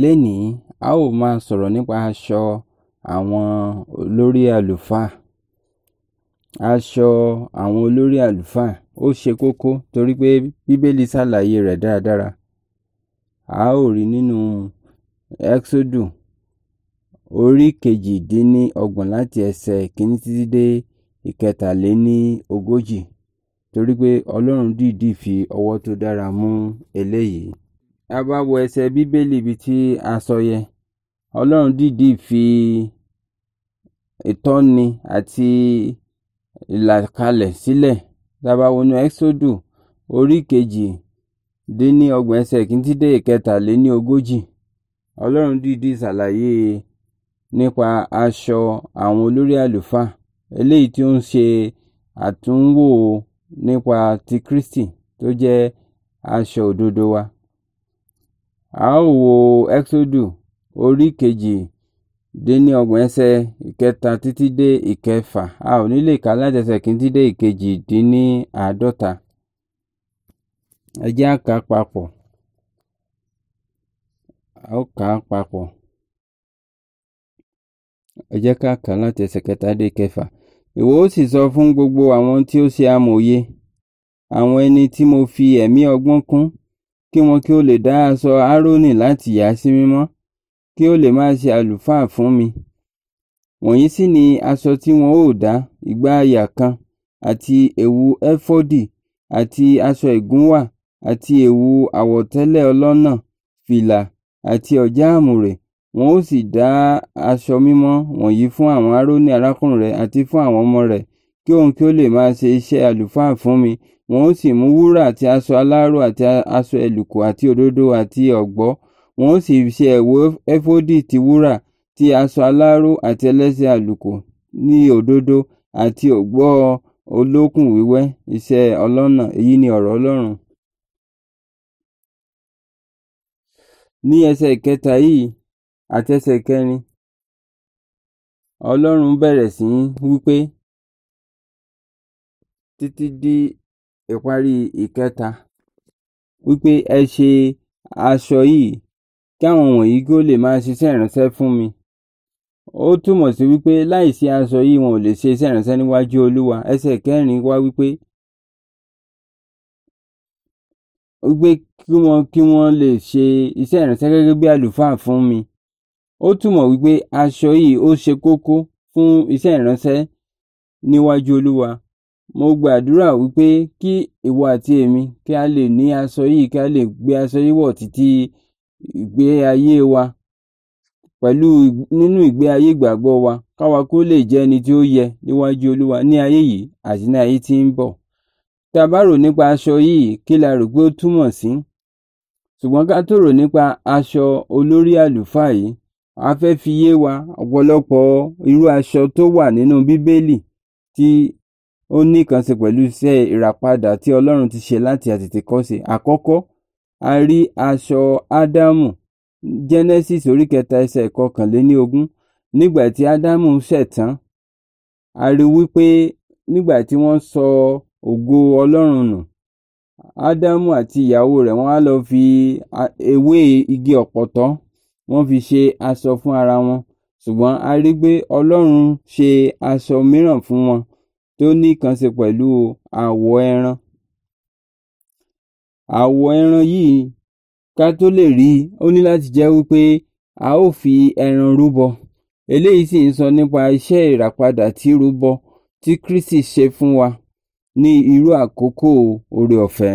Lénìí, a ó máa sọ̀rọ̀ nípa aṣọ àwọn olórí àlùfáà. Aṣọ àwọn olórí àlùfáà ó ṣe kókó torí pé Bíbélì ṣàlàyé rẹ̀ dáradára. A ó rí nínú Ẹ́ksódù orí kejìdínní ọgbọ̀n láti ẹsẹ̀ kìíní títí dé ìkẹtàléní ogójì torí pé Ọlọ́run dìídì fi ọwọ́ tó dára mú eléyìí a bá wo ẹsẹ̀ bíbélì ibi tí a sọ yẹ ọlọ́run dìídì fi ìtọ́ni àti ìlàkalẹ̀ sílẹ̀ tá a bá wọnú ẹ́sódù orí kejì dín ní ọgbọ̀n ẹsẹ̀ kìíní dé ìkẹtàléní ogójì ọlọ́run dìídì ṣàlàyé nípa aṣọ àwọn olórí àlùfáà eléyìí tí ó ń ṣe àtúnwò nípa ti Kristi tó jẹ́ aṣọ òdodo wa a ó wo ẹ́kísódù orí kejì dín ní ọgbọ̀n ẹsẹ̀ ìkẹta títí dé ìkẹfà a ò ní lè kà láti ẹsẹ̀ kìíní títí dé ìkejì dín ní àádọ́ta ẹ jẹ́ á kà á papọ̀ a ó kà á papọ̀ ẹ jẹ́ láti ẹsẹ̀ kẹta dé ìkẹfà ìwọ ó sì sọ fún gbogbo àwọn tí ó ṣe amòye àwọn ẹni tí mo fi ẹ̀mí ọgbọ́n kún kí wọn kí ó lè dá aṣọ Áárónì láti yà sí mímọ́ kí ó lè máa ṣe àlùfáà fún mi. Wọ̀nyí sì ni aṣọ tí wọn ó dá ìgbà àyà kan àti èwù ẹfọ́dì àti aṣọ ìgúnwà àti èwù àwọ̀tẹ́lẹ̀ ọlọ́nà fìlà àti ọ̀já àmùrè wọn ó sì dá aṣọ mímọ́ wọ̀nyí fún àwọn Áárónì arákùnrin rẹ̀ àti fún àwọn ọmọ rẹ̀ kí òun kí ó lè máa ṣe iṣẹ́ àlùfáà fún mi wọn ó sì mú wúrà àti aṣọ aláró àti aṣọ ẹlùkù àti òdodo àti ọ̀gbọ́ wọn ó sì ṣe ẹ̀wù ẹfódì ti wúrà ti aṣọ aláró àti ẹlẹ́sẹ̀ àlùkò ní òdodo àti ọ̀gbọ́ olókùn wíwẹ́ iṣẹ́ ọlọ́nà èyí ni ọ̀rọ̀ Ọlọ́run. ní ẹsẹ̀ ìkẹta yìí àti ẹsẹ̀ ìkẹrin Ọlọ́run sí wípé títí di Ìparí ìkẹta, wípé ẹ ṣe aṣọ yìí kí àwọn wọ̀nyí kí ó lè máa ṣiṣẹ́ ìránṣẹ́ fún mi. Ó túmọ̀ sí wípé láìsí aṣọ yìí wọn ò lè ṣe iṣẹ́ ìránṣẹ́ níwájú Olúwa. Ẹsẹ̀ kẹrin wá wípé wípé kí wọ́n kí wọ́n lè ṣe iṣẹ́ ìránṣẹ́ gẹ́gẹ́ bí àlùfáà fún mi. Ó túmọ̀ wípé aṣọ yìí ó ṣe kókó fún iṣẹ́ ìránṣẹ́ níwájú Olúwa mo gbàdúrà wípé kí ìwọ àti èmi kí a lè ní aṣọ yìí kí a lè gbé aṣọ yìí wọ̀ títí ìgbé ayé wa pẹ̀lú nínú ìgbé ayé ìgbàgbọ́ wa káwa kó lè jẹ́ ẹni tí ó yẹ níwájú olúwa ní ayé yìí àti ní ayé tí ń bọ̀ tá a bá rò nípa aṣọ yìí kí la rò pé ó túmọ̀ sí ṣùgbọ́n ká tó rò nípa aṣọ olórí àlùfáà yìí a fẹ́ fi yé wa ọ̀pọ̀lọpọ̀ irú aṣọ tó wà nínú bíbélì tí ó ní kan ṣe pẹ̀lú iṣẹ́ ìràpadà tí ọlọ́run ti ṣe láti àtètèkọ́ṣe àkọ́kọ́ a rí aṣọ ádámù genesis orí kẹta ẹsẹ̀ kọkànléníogún nígbà tí ádámù ṣẹ̀ tán a rí wípé nígbà tí wọ́n sọ ògo ọlọ́run nù ádámù àti ìyàwó rẹ̀ wọ́n á lọ fi ewé igi ọ̀pọ̀tọ́ wọ́n fi ṣe aṣọ fún ara wọn ṣùgbọ́n a rí pé ọlọ́run ṣe aṣọ mìíràn fún wọn tó ní kan ṣe pẹ̀lú àwọ̀ ẹran. Àwọ̀ ẹran yìí ká tó lè rí i ó ní láti jẹ́ wípé a ó fi ẹran rúbọ eléyìí sì ń sọ nípa iṣẹ́ ìràpadà tí rúbọ tí Kristi ṣe fún wa ní irú àkókò oore ọ̀fẹ́.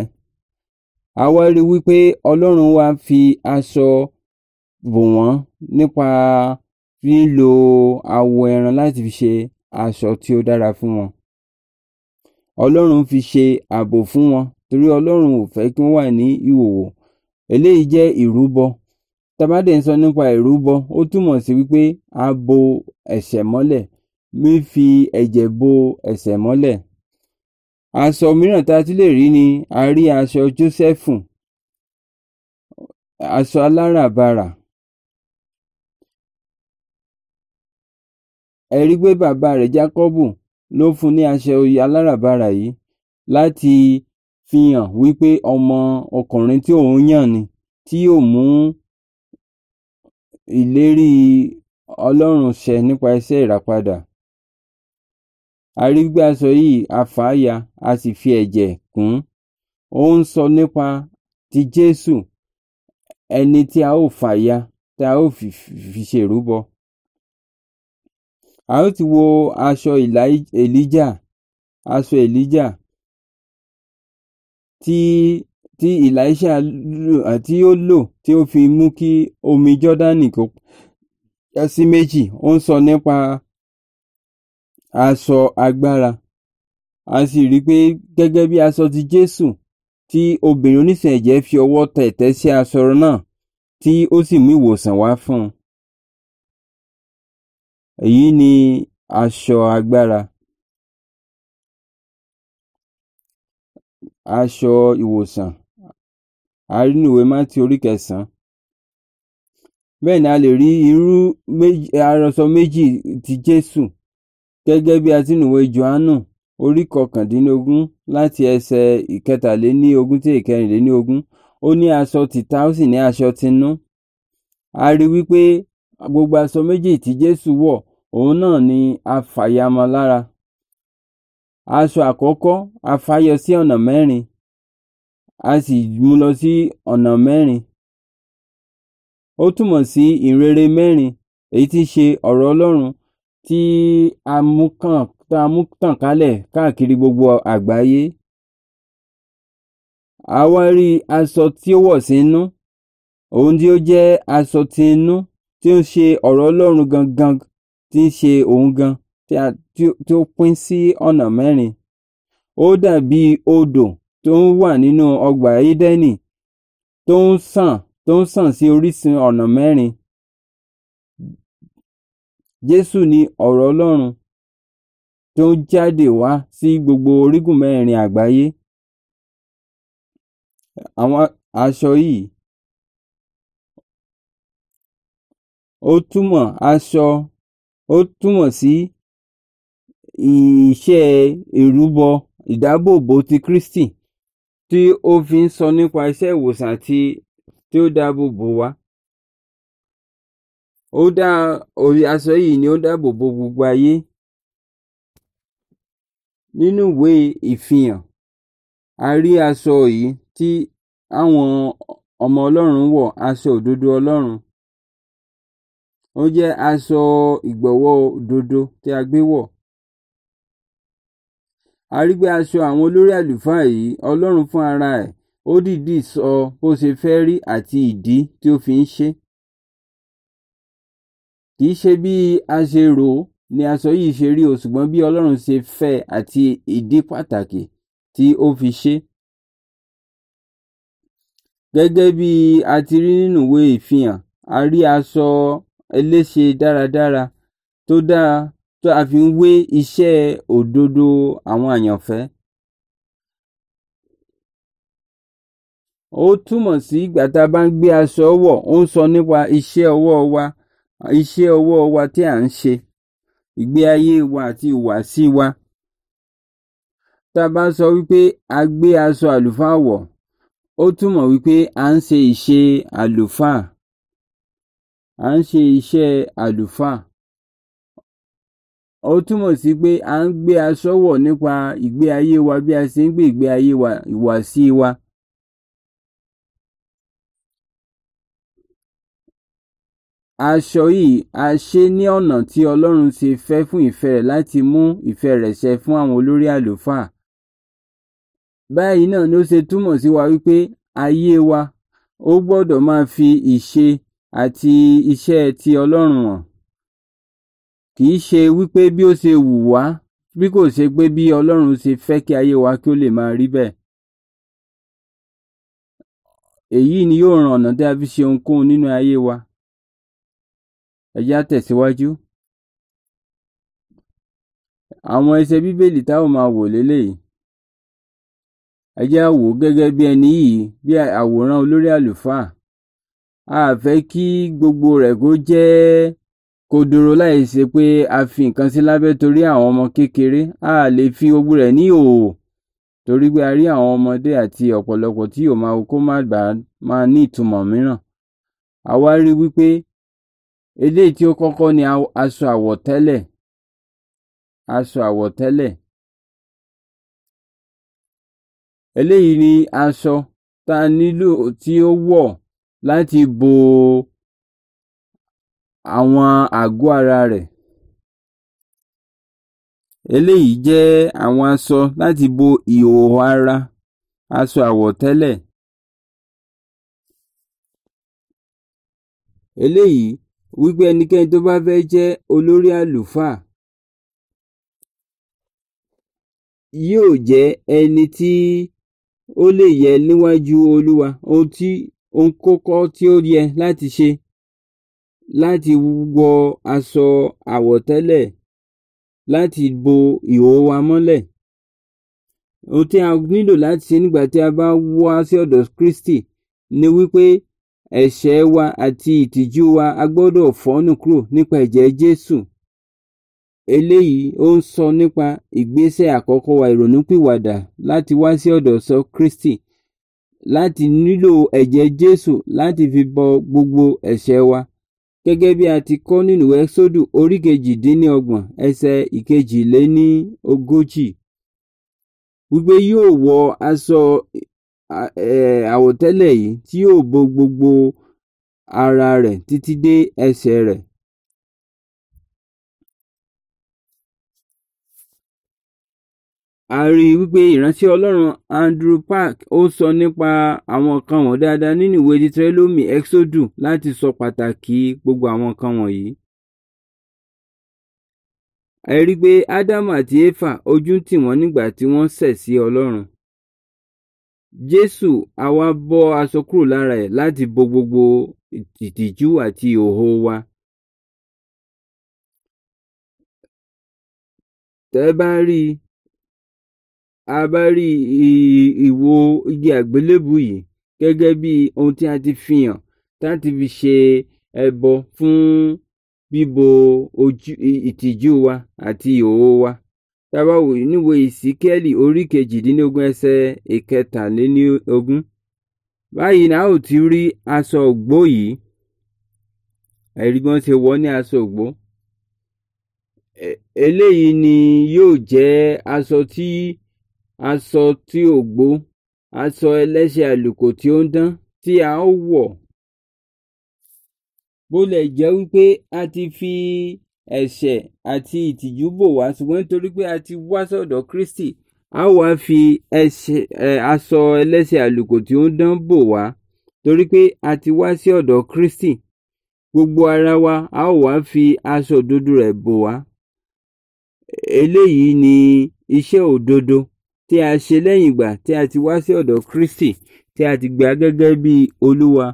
Àwa rí wípé Ọlọ́run wa fi aṣọ bò wọ́n nípa lílo àwọ̀ ẹran láti fi ṣe aṣọ tí ó dára fún wọn ọlọ́run fi ṣe ààbò fún wọn torí ọlọ́run ò fẹ́ kí wọ́n wà ní ìhòòhò eléyìí jẹ́ ìrúbọ tabadẹ̀ ń sọ nípa ìrúbọ ó túmọ̀ sí wípé a bo ẹ̀ṣẹ̀ mọ́lẹ̀ mi fi ẹ̀jẹ̀ bo ẹ̀ṣẹ̀ mọ́lẹ̀ aṣọ mìíràn tá a ti lè rí ni a rí aṣọ Jósẹ́fù aṣọ aláràbarà ẹ rí pé bàbá rẹ̀ Jákọ́bù ló fún ní aṣọ aláràbarà yìí láti fi hàn wípé ọmọ ọkùnrin tí òun yàn ni tí yóò mú ìlérí Ọlọ́run ṣẹ nípa iṣẹ́ ìràpadà arígbàsọ yìí àfàáyà a sì fi ẹ̀jẹ̀ kún ó ń sọ nípa ti Jésù ẹni tí a ó fàya tí a ó fi ṣèrúbọ a ó ti wo aṣọ ìlà aṣọ èlíjà tí tí Èlíṣà tí ó lò tí ó fi mú kí omi Jọ́dánì kó já sí méjì ó ń sọ nípa aṣọ agbára a sì rí i pé gẹ́gẹ́ bí aṣọ ti Jésù tí obìnrin oníṣẹ̀jẹ̀ fi ọwọ́ tẹ̀ tẹ́ sí aṣọ náà tí ó sì mú ìwòsàn wá fún un Èyí ni aṣọ agbára. Aṣọ ìwòsàn. A rí nínú ìwé Mátì orí kẹsàn-án. Bẹ́ẹ̀ ni a lè rí irú méjì aṣọ méjì ti Jésù gẹ́gẹ́ bí a ti nínú ìwé Jòhánù orí kọkàndínlógún láti ẹsẹ̀ ìkẹtàléníogún sí ìkẹrìnléníogún. Ó ní aṣọ tìta ó sì ní aṣọ tinú. A rí wípé gbogbo aṣọ méjì tí Jésù wọ̀ òun náà ni afàyàmọ́ lára aṣọ àkọ́kọ́ afáyọ sí ọ̀nà mẹ́rin a sì mú lọ sí ọ̀nà mẹ́rin ó túmọ̀ sí ìrere mẹ́rin èyí tí í ṣe ọ̀rọ̀ Ọlọ́run tí a mú kàn tá a mú tàn kálẹ̀ káàkiri gbogbo àgbáyé a wá rí aṣọ tí ó wọ̀ sínú òun tí ó jẹ́ aṣọ ti inú tí ó ṣe ọ̀rọ̀ Ọlọ́run gangan tí í ṣe òun gan tí a tí ó pín sí ọ̀nà mẹ́rin ó dàbí odò tó ń wà nínú ọgbà Édẹ́nì tó ń sàn tó ń sàn sí orísun ọ̀nà mẹ́rin Jésù ni ọ̀rọ̀ Ọlọ́run tó ń jáde wá sí gbogbo orígun mẹ́rin àgbáyé àwọn aṣọ yìí ó túmọ̀ aṣọ ó túmọ̀ sí iṣẹ́ ìrúbọ ìdábòbò ti Kristi tí ó fi ń sọ nípa iṣẹ́ ìwòsàn àti tí ó dáàbòbò wa ó dá orí aṣọ yìí ni ó dáàbòbò gbogbo ayé nínú ìwé ìfihàn a rí aṣọ yìí tí àwọn ọmọ Ọlọ́run wọ̀ aṣọ òdodo Ọlọ́run ó jẹ́ aṣọ ìgbọ̀wọ́ òdodo tí a gbé wọ̀ a rí pé aṣọ àwọn olórí àlùfáà yìí ọlọ́run fún ara ẹ̀ ó dìídì sọ bó ṣe fẹ́ rí àti ìdí tí ó fi ń ṣe kì í ṣe bí a ṣe rò ó ni aṣọ yìí ṣe rí o ṣùgbọ́n bí ọlọ́run ṣe fẹ́ àti ìdí pàtàkì tí ó fi ṣe gẹ́gẹ́ bí a ti rí nínú ìwé ìfihàn a rí aṣọ eléṣe dáradára tó dára tó a fi ń wé iṣẹ́ òdodo àwọn àyànfẹ́. ó túmọ̀ sí ìgbà tá a bá ń gbé aṣọ wọ̀ ó ń sọ nípa iṣẹ́ ọwọ́ wa iṣẹ́ ọwọ́ wa tí à ń ṣe ìgbé ayé wa àti ìhùwàsí wa tá a bá sọ wípé a gbé aṣọ àlùfáà wọ̀ ó túmọ̀ wípé à ń ṣe ìṣe àlùfáà à ń ṣe iṣẹ́ àlùfáà ó túmọ̀ sí pé à ń gbé aṣọ wọ̀ nípa ìgbé ayé wa bí a ṣe ń gbé ìgbé ayé wa ìwàsí wa. aṣọ yìí a ṣe ní ọ̀nà tí Ọlọ́run ṣe fẹ́ fún ìfẹ́ rẹ̀ láti mú ìfẹ́ rẹ̀ ṣẹ fún àwọn olórí àlùfáà. báyìí náà ni ṣe túmọ̀ sí wa wípé ayé wa ó gbọ́dọ̀ máa fi ìṣe àti iṣẹ́ ti Ọlọ́run hàn kì í ṣe wípé bí ó ṣe wù wá bí kò ṣe pé bí Ọlọ́run ṣe fẹ́ kí ayé wa kí ó lè máa rí bẹ́ẹ̀ èyí ni yóò ran ọ̀nà tí a fi ṣe ohunkóhun nínú ayé wa ẹ já àwọn ẹsẹ̀ bíbélì tá ò máa wò léléyìí ẹ já gẹ́gẹ́ bí ẹni yìí bí àwòrán olórí àlùfáà a fẹ́ kí gbogbo rẹ̀ kó jẹ́ kodoro láì ṣe pé a fi nǹkan sí lábẹ́ torí àwọn ọmọ kékeré a lè fi gbogbo rẹ̀ ní òò torí pé a rí àwọn ọmọdé àti ọ̀pọ̀lọpọ̀ tí yóò máa kó má bàa máa ní ìtumọ̀ mìíràn a wá rí wípé eléyìí tí ó kọ́kọ́ ni aṣọ àwọ̀tẹ́lẹ̀ aṣọ àwọ̀tẹ́lẹ̀ eléyìí ni aṣọ tá a nílò tí ó wọ̀ láti bo àwọn àgọ́ ara rẹ̀. Eléyìí jẹ́ àwọn aṣọ láti bo ìhòòhò ara aṣọ àwọ̀tẹ́lẹ̀. Eléyìí wípé ẹnikẹ́ni tó bá fẹ́ jẹ́ olórí àlùfáà yóò jẹ́ ẹni tí ó lè yẹ níwájú Olúwa ohun tí ohun kókó tí ó yẹ láti ṣe láti wọ aṣọ àwọ̀tẹ́lẹ̀ láti bo ìhòòhò wa mọ́lẹ̀ ohun tí a nílò láti ṣe nígbà tí a bá wá sí ọ̀dọ̀ Kristi ni wípé ẹ̀ṣẹ̀ wa àti ìtìjú wa a gbọ́dọ̀ fọ́nù kúrò nípa ẹ̀jẹ̀ Jésù eléyìí ó ń sọ nípa ìgbésẹ̀ àkọ́kọ́ wa ìrònúpìwàdà láti wá sí ọ̀dọ̀ sọ Kristi láti nílò ẹ̀jẹ̀ Jésù láti fi bọ gbogbo ẹ̀ṣẹ̀ wa gẹ́gẹ́ bí a ti kọ́ nínú Ẹ́sódù orí kejìdínlọ́gbọ̀n ẹsẹ̀ ìkejìléní ogójì wípé yóò wọ aṣọ àwọ̀tẹ́lẹ̀ yìí tí yóò bo gbogbo ara rẹ̀ títí dé ẹsẹ̀ rẹ̀ a rí i wípé ìránṣẹ́ ọlọ́run Andrew Park ó sọ nípa àwọn nǹkan wọn dáadáa nínú ìwé Deuteronomy Exodus láti sọ pàtàkì gbogbo àwọn nǹkan wọ̀nyí. a rí i pé Ádámù àti Éfà ojú tì wọ́n nígbà tí wọ́n ṣẹ̀ sí ọlọ́run. Jésù àwa bọ́ aṣọ kúrò lára ẹ̀ láti bo gbogbo ìtìjú àti ìhòòhò wa. tẹ́ bá rí i a bá rí ìwo igi àgbélébù yìí gẹ́gẹ́ bí ohun tí a ti fi hàn tá a ti fi ṣe ẹbọ fún bíbo ojú ìtìjú wa àti ìhòòhò wa tábà wò níwò ìsíkẹ́lì orí kejìdínlógún ẹsẹ̀ ìkẹtàléníogún báyìí náà ò ti rí aṣọ ògbó yìí ẹ̀rí ṣe wọ̀ ní aṣọ ògbó eléyìí ni yóò jẹ́ aṣọ tí aṣọ tí ò gbó aṣọ ẹlẹ́ṣẹ̀ àlùkò tí ó ń dán tí a ó wọ̀ bólẹ̀ jẹ́ wípé a ti fi ẹ̀ṣẹ̀ àti ìtìjú bò wá ṣùgbọ́n nítorí pé a ti wá sọ̀dọ̀ Kristi a wá fi ẹ̀ṣẹ̀ aṣọ ẹlẹ́ṣẹ̀ àlùkò tí ó ń dán bò wá torí pé a ti wá sí ọ̀dọ̀ Kristi gbogbo ara wa a ó wá fi aṣọ òdodo rẹ̀ bò wá eléyìí ni iṣẹ́ òdodo tí a ṣe lẹ́yìn ìgbà tí a ti wá sí ọ̀dọ̀ Kristi tí a ti gbà gẹ́gẹ́ bí Olúwa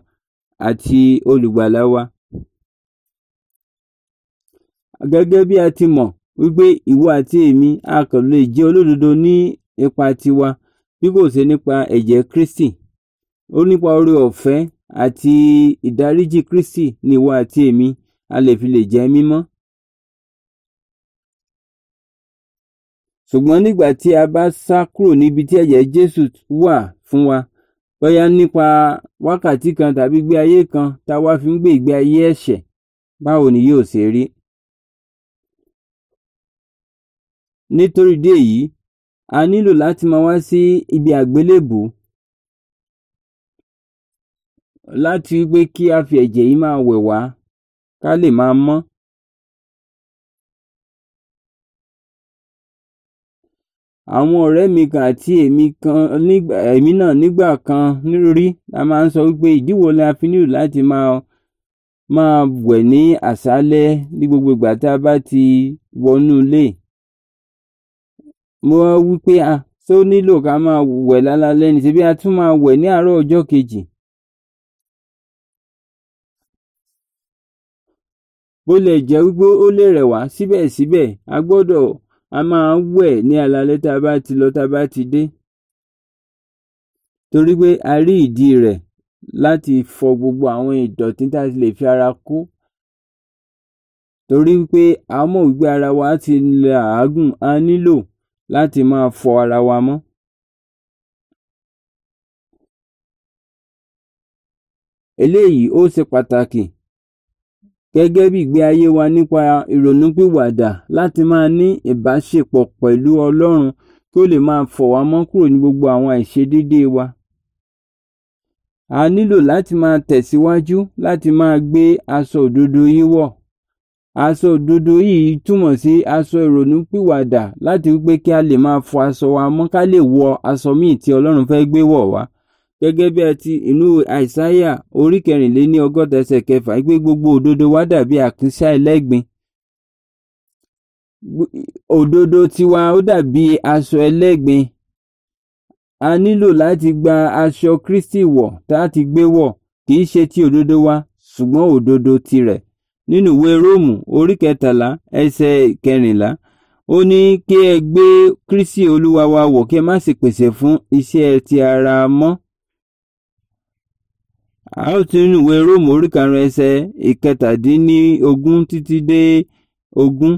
àti olùgbàlà wa. Gẹ́gẹ́ bí a ti mọ̀ wípé ìwọ àti èmi a kò lè jẹ́ olódodo ní ipa tiwa bí kò ṣe nípa ẹ̀jẹ̀ Kristi ó nípa oore ọ̀fẹ́ àti ìdáríjì Kristi ni ìwọ àti èmi a lè fi lè jẹ́ mímọ́ ṣùgbọ́n nígbà tí a bá sá kúrò níbi tí ẹ̀jẹ̀ Jésù wà fún wa bóyá nípa wákàtí kan tàbí gbé ayé kan tá a wá fi ń gbé ìgbé ayé ẹ̀ṣẹ̀ báwo ni yóò ṣe rí. nítorí ìdí èyí a nílò láti máa wá sí ibi àgbélébù láti wípé kí a fi ẹ̀jẹ̀ yìí máa wẹ̀ wá ká lè máa mọ́ àwọn ọ̀rẹ́ mi kan àti èmi kan nígbà èmi náà nígbà kan rí la máa ń sọ wípé ìdíwọ́ la fi nílò láti máa máa wẹ̀ ní àṣálẹ́ ní gbogbo ìgbà tá a bá ti wọnú ilé mo wá wípé a tó nílò ká máa wẹ̀ lálálẹ́ ní ṣebí a tún máa wẹ̀ ní àárọ̀ ọjọ́ kejì. bó lè jẹ́ wípé ó lè rẹ̀ wá síbẹ̀síbẹ̀ a gbọ́dọ̀ a máa wẹ̀ ní alalẹ́ tá a bá ti lọ tá a bá ti dé torí pé a rí ìdí rẹ̀ láti fọ gbogbo àwọn ìdọ̀tí tá a lè fi ara kó torí pé a mọ̀ wípé ara wa ti làágùn a nílò láti máa fọ ara wa mọ́. eléyìí ó ṣe pàtàkì gẹ́gẹ́ bí ìgbé ayé wa nípa ìrònúpìwàdà láti máa ní ìbáṣepọ̀ pẹ̀lú Ọlọ́run kí ó lè máa fọ̀ wá mọ́ kúrò ní gbogbo àwọn àìṣedédé wa. A nílò láti máa tẹ̀síwájú láti máa gbé aṣọ òdodo yìí wọ̀. Aṣọ òdodo yìí túmọ̀ sí aṣọ ìrònúpìwàdà láti wípé kí a lè máa fọ aṣọ wa mọ́ ká lè wọ aṣọ míì tí Ọlọ́run fẹ́ gbé wọ̀ wá gẹ́gẹ́ bí ẹti inú àìsáyà orí kẹrìnléní ọgọ́ta ẹsẹ̀ kẹfà pé gbogbo òdodo wa dàbí àkísà ẹlẹ́gbin òdodo tiwa ó dàbí aṣọ ẹlẹ́gbin a nílò láti gba aṣọ Kristi wọ̀ tá a ti gbé wọ̀ kì í ṣe ti òdodo wa ṣùgbọ́n òdodo tirẹ̀ nínú ìwé Róòmù orí kẹtàlá ẹsẹ̀ kẹrìnlá ó ní kí ẹ gbé Kristi Olúwa wa wọ̀ kí ẹ má sì pèsè fún iṣẹ́ ti ara mọ́ a ó ti nínú ìwé róòmù orí karùn-ún ẹsẹ̀ ìkẹtàdínlógún títí dé ogún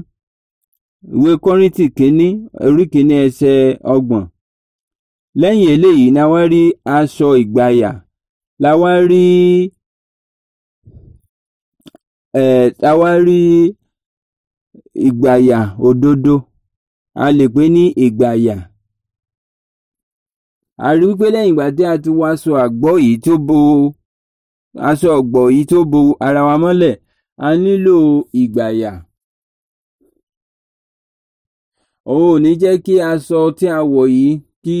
ìwé kọ́rìntì kínní orí kínní ẹsẹ̀ ọgbọ̀n eléyìí la wá rí aṣọ ìgbàyà la wá rí ẹ̀ la wá rí ìgbàyà òdodo a lè pè ní ìgbàyà a rí wípé lẹ́yìn ìgbà tí a ti wá aṣọ àgbọ̀ yìí tó bo aṣọ ọ̀gbọ̀ yìí tó bo ara wa mọ́lẹ̀ a nílò ìgbàyà òun ò ní jẹ́ kí aṣọ tí a wọ̀ yìí kí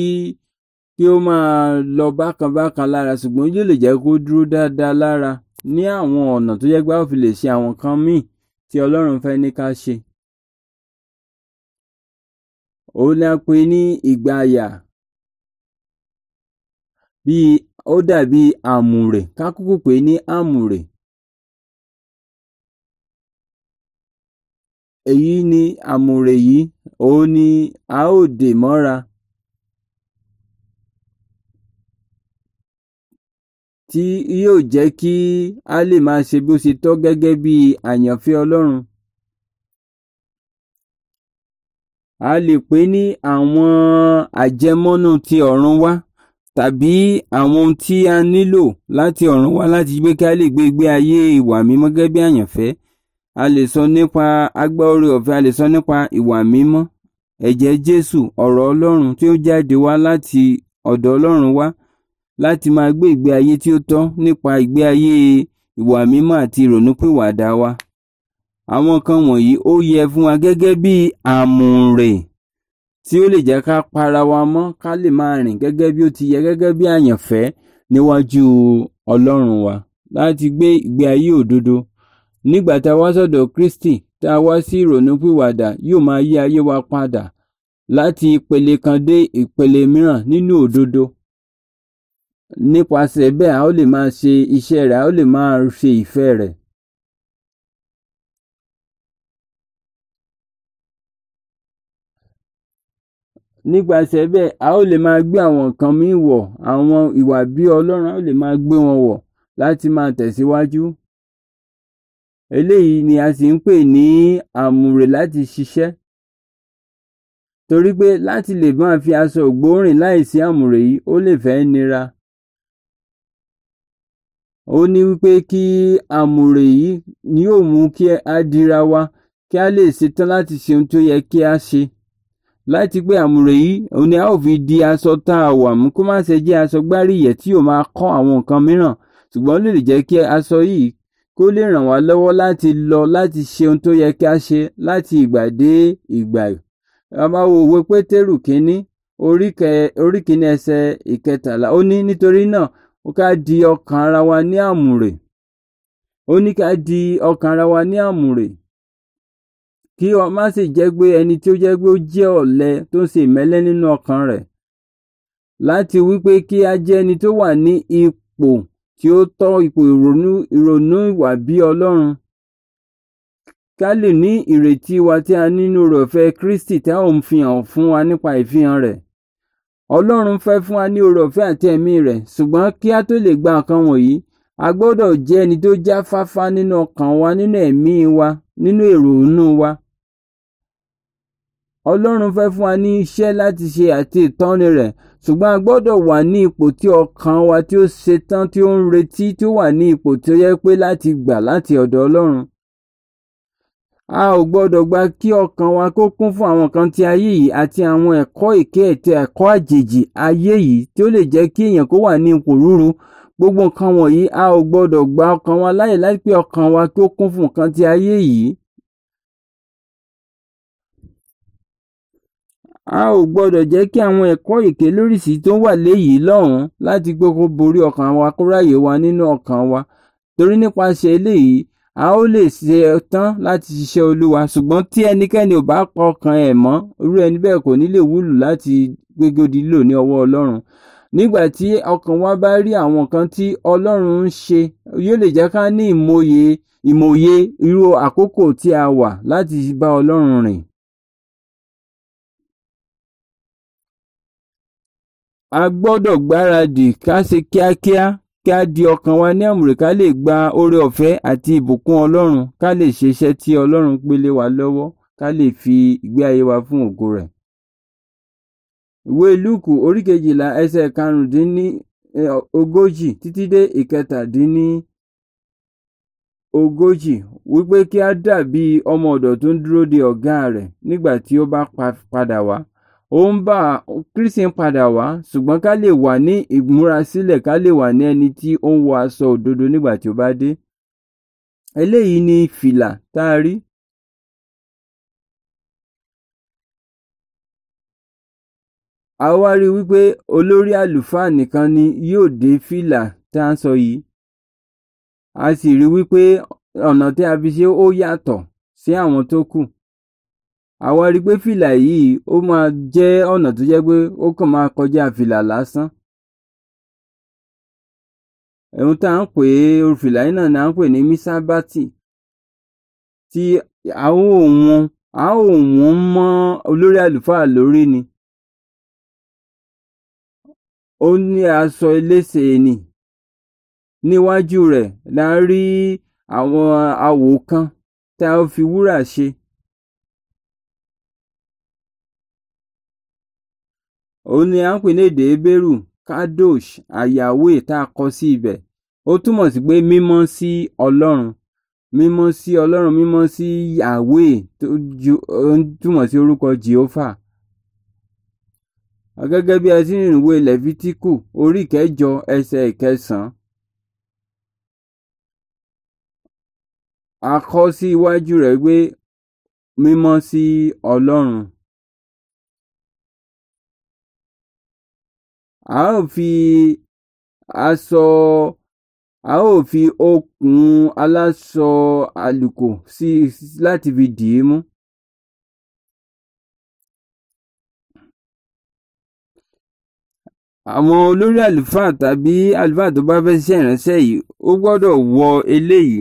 kí ó máa lọ bákan bákan lára ṣùgbọ́n yóò lè jẹ́ kó dúró dáadáa lára ní àwọn ọ̀nà tó yẹ pé a ó fi lè ṣe àwọn kan míì tí Ọlọ́run fẹ́ ní ká ṣe. òun la pè ní ìgbàyà bíi ó dàbí àmùrè ká kúkú pè é ní àmùrè. èyí ni àmùrè yìí òun ni a ó dè mọ́ra. tí yóò jẹ́ kí a lè máa ṣe bí ṣe tọ́ gẹ́gẹ́ bí àyànfẹ́ Ọlọ́run. a lè pè ní àwọn àjẹmọ́nú ti ọ̀run wá tàbí àwọn ohun tí a nílò láti ọ̀run wá láti gbé kí a lè gbé ìgbé ayé ìwà mímọ́ gẹ́gẹ́ bí àyànfẹ́ a lè sọ nípa agbá oore ọ̀fẹ́ a lè sọ nípa ìwà mímọ́ ẹ̀jẹ̀ Jésù ọ̀rọ̀ Ọlọ́run tí ó jáde wá láti ọ̀dọ̀ Ọlọ́run wá láti máa gbé ìgbé ayé tí ó tọ́ nípa ìgbé ayé ìwà mímọ́ àti ìrònúpìwàdà wa àwọn kan wọ̀nyí ó yẹ fún wa gẹ́gẹ́ bí àmùrè tí ó lè jẹ́ ká para wa mọ́ ká lè máa rìn gẹ́gẹ́ bí ó ti yẹ gẹ́gẹ́ bí àyànfẹ́ níwájú Ọlọ́run wa láti gbé ìgbé ayé òdodo nígbà tá a wá sọ́dọ̀ Kristi tá a wá sí ìrònúpìwàdà yóò máa yí ayé wa padà láti ìpele kan dé ìpele mìíràn nínú òdodo nípasẹ̀ bẹ́ẹ̀ a ó lè máa ṣe iṣẹ́ rẹ̀ a ó lè máa ṣe ìfẹ́ rẹ̀ nípasẹ̀ bẹ́ẹ̀ a ó lè máa gbé àwọn nǹkan míì wọ̀ àwọn ìwà bí ọlọ́run a ó lè máa gbé wọn wọ̀ láti máa tẹ̀síwájú eléyìí ni a sì ń pè ní àmùrè láti ṣiṣẹ́ torí pé láti lè máa fi aṣọ ògbórìn láìsí àmùrè yìí ó lè fẹ́ nira ó ní wípé kí àmùrè yìí ni yóò mú kí a dira wa kí a lè ṣetán láti ṣe ohun tó yẹ kí a ṣe láti pé àmùrè yìí òun ni a ó fi di aṣọ tá a wà mú kó má ṣe jẹ́ aṣọ gbáríyẹ̀ tí yóò máa kọ́ àwọn nǹkan mìíràn ṣùgbọ́n ó lè jẹ́ kí aṣọ yìí kó lè ràn wá lọ́wọ́ láti lọ láti ṣe ohun tó yẹ kí a ṣe láti ìgbà dé ìgbà a òwe pétérù kínní orí kínní ẹsẹ̀ ìkẹtàlá ó ní nítorí náà ó ká di ọkàn ara wa ní àmùrè ó ní ká di ọkàn ara wa ní àmùrè kí ó má sì jẹ́ pé ẹni tí ó jẹ́ pé ó jẹ́ ọ̀lẹ tó ń ṣe ìmẹ́lẹ́ nínú ọkàn rẹ̀ láti wípé kí a jẹ́ ẹni tó wà ní ipò tí ó tọ́ ipò ìrònú ìrònú ìwà bí Ọlọ́run ká lè ní ìrètí wa tí a nínú rẹ̀ ọ̀fẹ́ Kristi tí a ò ń fihàn fún wa nípa ìfihàn rẹ̀ Ọlọ́run fẹ́ fún wa ní oore ọ̀fẹ́ àti ẹ̀mí rẹ̀ ṣùgbọ́n kí a tó lè gba nǹkan wọ̀nyí a gbọ́dọ̀ jẹ́ ẹni tó jáfáfá nínú ọkàn wa nínú ẹ̀mí wa nínú èrònú wa Ọlọ́run fẹ́ fún wa ní iṣẹ́ láti ṣe àti ìtọ́ni rẹ̀ ṣùgbọ́n a gbọ́dọ̀ wà ní ipò tí ọkàn wa tí ó ṣetán tí ó ń retí tí ó wà ní ipò tí ó yẹ pé láti gbà láti ọ̀dọ̀ Ọlọ́run. A ò gbọ́dọ̀ gba kí ọkàn wa kó kún fún àwọn kan ti ayé yìí àti àwọn ẹ̀kọ́ èké ẹ̀tẹ̀ ẹ̀kọ́ àjèjì ayé yìí tí ó lè jẹ́ kí èèyàn kó wà ní ipò rúru gbogbo nǹkan wọ̀nyí a ò gbọ́dọ̀ gba ọkàn wa láyè láti pé ọkàn wa kí kún fún nǹkan ti ayé yìí a ò gbọ́dọ̀ jẹ́ kí àwọn ẹ̀kọ́ èké lóríṣìí tó wà léyìí lọ́hùn láti gbogbo borí ọkàn wa kó ráyè wa nínú ọkàn wa torí nípasẹ̀ eléyìí a ó lè ṣe tán láti ṣiṣẹ́ olúwa ṣùgbọ́n tí ẹnikẹ́ni ò bá pa ọkàn ẹ̀ mọ́ irú ẹni bẹ́ẹ̀ kò ní lè wúlò láti gbégódì lò ní ọwọ́ ọlọ́run nígbà tí ọkàn wa bá rí àwọn kan tí ọlọ́run ń ṣe yóò lè jẹ́ ká ní ìmòye ìmòye irú àkókò tí a wà láti bá ọlọ́run rìn a gbọ́dọ̀ gbáradì ká ṣe kíákíá kí a di ọkàn wa ní àmùrè ká lè gba oore ọ̀fẹ́ àti ìbùkún ọlọ́run ká lè ṣe iṣẹ́ tí ọlọ́run gbélé wa lọ́wọ́ ká lè fi ìgbé ayé wa fún ògo rẹ̀. ìwé lúùkù orí kejìlá ẹsẹ̀ karùndínní ogójì títí dé ìkẹtàdínní ogójì wípé kí a dàbí ọmọ ọ̀dọ̀ tó ń dúró de ọ̀gá rẹ̀ nígbà tí ó bá padà wá ó ń bá Kristi ń padà wá ṣùgbọ́n ká lè wà ní ìmúrasílẹ̀ ká lè wà ní ẹni tí ó ń wọ aṣọ òdodo nígbà tí ó bá dé eléyìí ni fìlà tá a rí a wá rí wípé olórí àlùfáà nìkan ni yóò dé fìlà tá a sọ yìí a sì rí wípé ọ̀nà tí a fi ṣe ó yàtọ̀ sí àwọn tó kù àwa rí i pé fìlà yìí ó máa jẹ́ ọ̀nà tó jẹ́ pé ó kàn máa kọjá fìlà lásán ẹ̀hún tá à ń pè é fìlà yìí náà ni à ń pè ní mísábátì tí a ó wọn a ó wọn mọ́ olórí àlùfáà lórí ni ó ní aṣọ elése ni níwájú rẹ̀ la rí àwọn awò kan tá a fi wúrà ṣe òun ni à ń pè ní èdè ebéèrù kadosh ayahwe tá a kọ sí ibẹ̀ ó túmọ̀ sí pé mímọ́ sí ọlọ́run mímọ́ sí ọlọ́run mímọ́ sí yahwe tó túmọ̀ sí orúkọ jehovah gẹ́gẹ́ bí ẹ ti rìn ìwé lẹ́fítíkù orí kẹjọ ẹsẹ̀ ìkẹsàn a kọ sí iwájú rẹ̀ pé mímọ́ sí ọlọ́run. a ó fi aṣọ a ó fi okùn aláṣọ àlùkò sí i láti fi dì í mú. àwọn olórí àlùfáà tàbí àlùfáà tó bá fẹ́ ṣe ìránṣẹ́ yìí ó gbọ́dọ̀ wọ eléyìí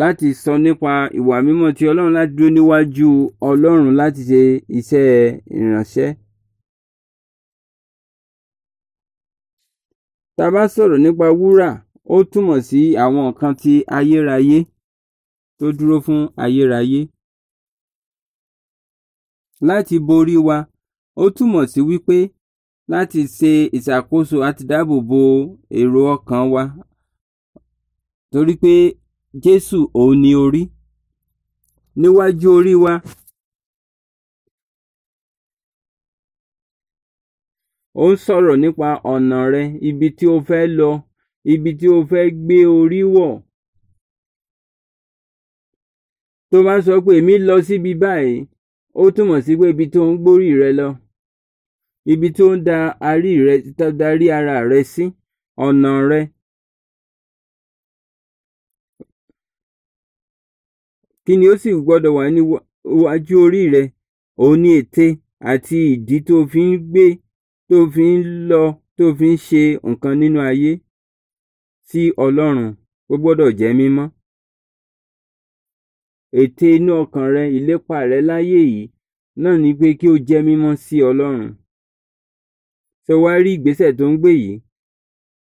láti sọ nípa ìwà mímọ́ ti Ọlọ́run láti dúró níwájú Ọlọ́run láti ṣe iṣẹ́ ìránṣẹ́. tá a bá sọ̀rọ̀ nípa wúrà ó túmọ̀ sí àwọn nǹkan ti ayérayé tó dúró fún ayérayé. Láti borí wa ó túmọ̀ sí wípé láti ṣe ìṣàkóso àti dáàbò bo èrò ọkàn wa torí pé Jésù òun ni orí níwájú orí wa ó ń sọ̀rọ̀ nípa ọ̀nà rẹ ibi tí o fẹ́ lọ ibi tí o fẹ́ gbé orí wọ̀ tó bá sọ pé èmi lọ síbi báyìí ó túmọ̀ sí pé ibi tó ń gbórí rẹ lọ ibi tó ń da arí rẹ darí ara rẹ sí ọ̀nà rẹ. kí ni ó sì gbọ́dọ̀ wà níwájú orí rẹ òun ni ète àti ìdí tó fi ń gbé tó fi ń lọ tó fi ń ṣe nǹkan nínú ayé sí Ọlọ́run ó gbọ́dọ̀ jẹ́ mímọ́. Ète inú ọkàn rẹ ìlépa rẹ láyé yìí náà ni pé kí ó jẹ́ mímọ́ sí Ọlọ́run. Ṣé wàá rí ìgbésẹ̀ tó ń gbé yìí?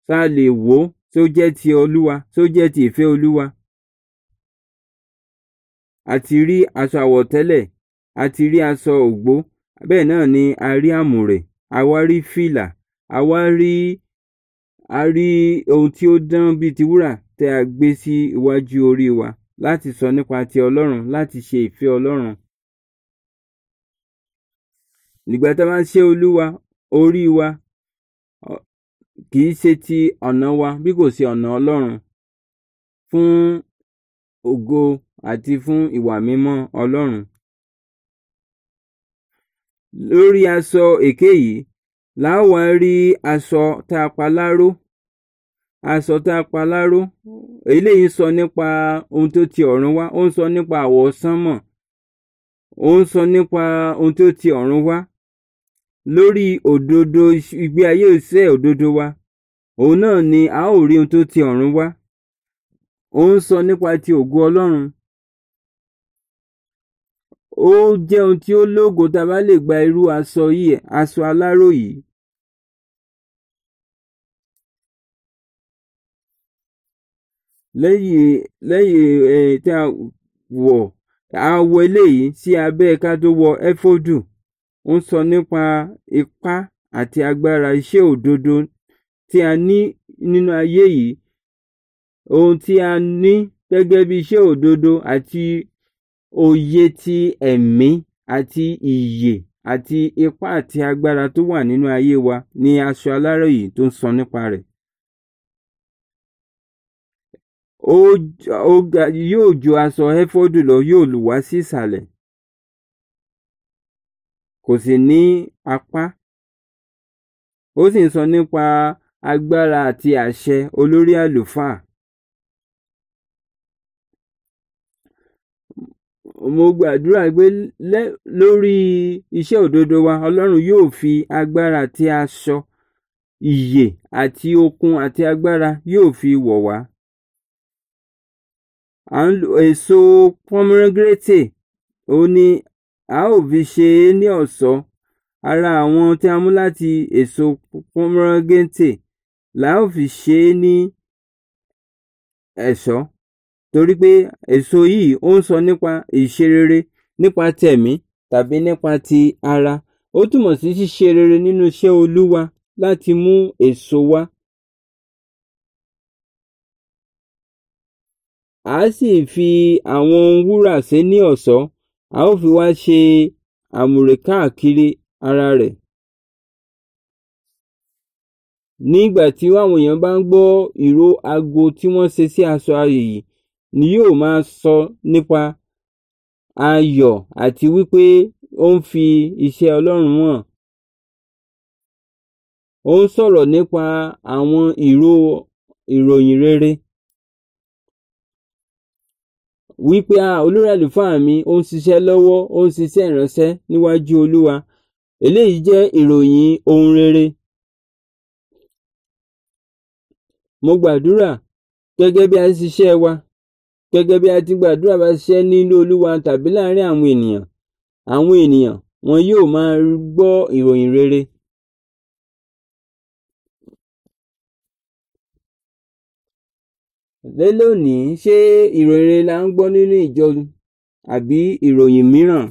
Ṣá lè wò ó tí ó jẹ́ ti Olúwa tí ó jẹ́ ti ìfẹ́ Olúwa. A ti rí aṣọ àwọ̀tẹ́lẹ̀, a ti rí aṣọ ògbó, bẹ́ẹ̀ náà ni a rí àmùrè àwa rí fìlà àwa rí a rí ohun tí ó dán bíi ti wúrà tẹ́ a gbé sí iwájú orí wa láti sọ nípa ti ọlọ́run láti ṣe ìfẹ́ ọlọ́run nígbà tá a bá ń ṣe olúwa orí wa kì í ṣe ti ọ̀nà wa bí kò ṣe ọ̀nà ọlọ́run fún ògo àti fún ìwà mímọ́ ọlọ́run lórí aṣọ èké yìí láwọn rí aṣọ tá a pa láró aṣọ tá a pa láró eléyìí sọ nípa ohun tó ti ọ̀run wá ó ń sọ nípa àwọ̀ sánmọ̀ ó ń sọ nípa ohun tó ti ọ̀run wá lórí òdodo ìgbé ayé iṣẹ́ òdodo wa òun náà ni a ó rí ohun tó ti ọ̀run wá ó ń sọ nípa ti ògo Ọlọ́run ó jẹ́ ohun tí ó lógo tá a bá lè gba irú aṣọ yìí aṣọ aláró yìí. lẹ́yìn lẹ́yìn ẹ̀ tí a wọ̀ a wọ eléyìí sí abẹ́ ká tó wọ ẹ́fọ́dù ń sọ nípa ipá àti agbára iṣẹ́ òdodo tí a ní nínú ayé yìí ohun tí a ní gẹ́gẹ́ bí iṣẹ́ òdodo àti òye ti ẹ̀mí àti ìyè àti ipá àti agbára tó wà nínú ayé wa ni aṣọ aláròyé tó ń sọ nípa rẹ̀. yóò ju aṣọ ẹ́fọ́dù lọ yóò lù wá sí ìsàlẹ̀ kò sì ní apá ó sì ń sọ nípa agbára àti àṣẹ olórí àlùfáà mo gbàdúrà pé lórí iṣẹ́ òdodo wa ọlọ́run yóò fi agbára àti aṣọ ìyè àti okun àti agbára yóò fi wọ̀ wá. èso pomegrate òun ni a ó fi ṣe é ní ọ̀ṣọ́ ara àwọn tí a mú láti èso pomegrate la ó fi ṣe é ní ẹ̀ṣọ́ torí pé èso yìí ó ń sọ nípa ìṣe rere nípa tẹ̀mí tàbí nípa ti ara ó túmọ̀ sí ṣíṣe rere nínú iṣẹ́ Olúwa láti mú èso wá. a sì fi àwọn ohun wúrà ṣe ní ọ̀ṣọ́ a ó fi wá ṣe àmùrè káàkiri ara rẹ̀. nígbà tí àwọn èèyàn bá ń gbọ́ ìró aago tí wọ́n ṣe sí aṣọ ayò yìí ni yóò máa sọ nípa ayọ̀ àti wípé ó ń fi iṣẹ́ Ọlọ́run hàn. Ó ń sọ̀rọ̀ nípa àwọn ìró ìròyìn rere wípé a ah, olórí àlùfáà mi ó ń ṣiṣẹ́ lọ́wọ́ ó ń ṣiṣẹ́ ìránṣẹ́ níwájú Olúwa eléyìí jẹ́ ìròyìn ohun rere. Mo gbàdúrà gẹ́gẹ́ bí a ṣiṣẹ́ wa gẹ́gẹ́ bí a ti gbàdúrà bá ṣiṣẹ́ nílé olúwa tàbí láàárín àwọn ènìyàn àwọn ènìyàn wọn yóò máa gbọ́ ìròyìn rere. lélónìí ṣé ìròyìn rere la ń gbọ́ nínú ìjọ àbí ìròyìn mìíràn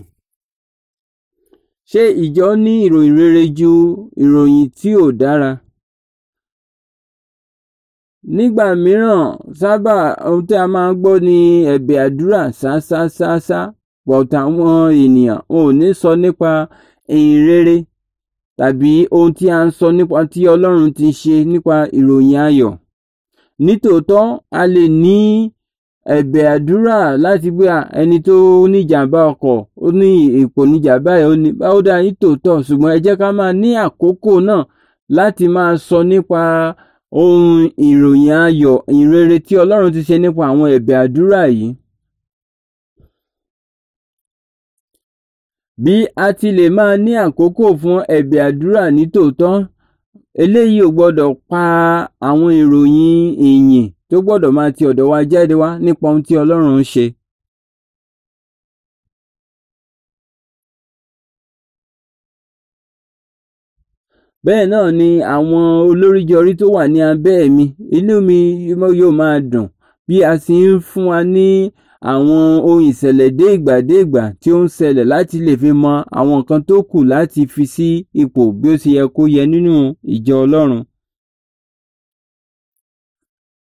ṣé ìjọ ní ìròyìn rere ju ìròyìn tí ò dára? Nígbà mìíràn sábà ohun tí a máa ń gbọ́ ni ẹ̀bẹ̀ àdúrà ṣáṣáṣáṣá ọ̀pọ̀ àwọn ènìyàn wọn ò ní sọ nípa ìhìnrere tàbí ohun tí a ń sọ nípa tí Ọlọ́run ti ṣe nípa ìròyìn ayọ̀. Nítòótọ́ a lè ní ẹ̀bẹ̀ àdúrà láti pé ẹni tó ní ìjàmbá ọkọ̀ ó ní ìpèníjà báyìí ó ní báwo dá nítòótọ́ ṣùgbọ́n ẹ jẹ́ ká máa ní àkókò náà láti máa sọ nípa ohun ìròyìn ayọ̀ ìrere tí Ọlọ́run ti ṣe nípa àwọn ẹ̀bẹ̀ àdúrà yìí. Bí a ti lè máa ní àkókò fún ẹ̀bẹ̀ àdúrà ní tòótọ́, eléyìí ò gbọ́dọ̀ pa àwọn ìròyìn ìyìn tó gbọ́dọ̀ máa ti ọ̀dọ̀ wa jáde wá nípa ohun tí Ọlọ́run ń ṣe. bẹ́ẹ̀ náà ni àwọn olóríjọrí tó wà ní abẹ́ mi inú mi yóò máa dùn bí a sì ń fún wa ní àwọn ohun ìṣẹ̀lẹ̀ dé ìgbà dé ìgbà tí ó ń ṣẹlẹ̀ láti lè fi mọ àwọn nǹkan tó kù láti fi sí ipò bí ó ṣe yẹ kó yẹ nínú ìjọ Ọlọ́run.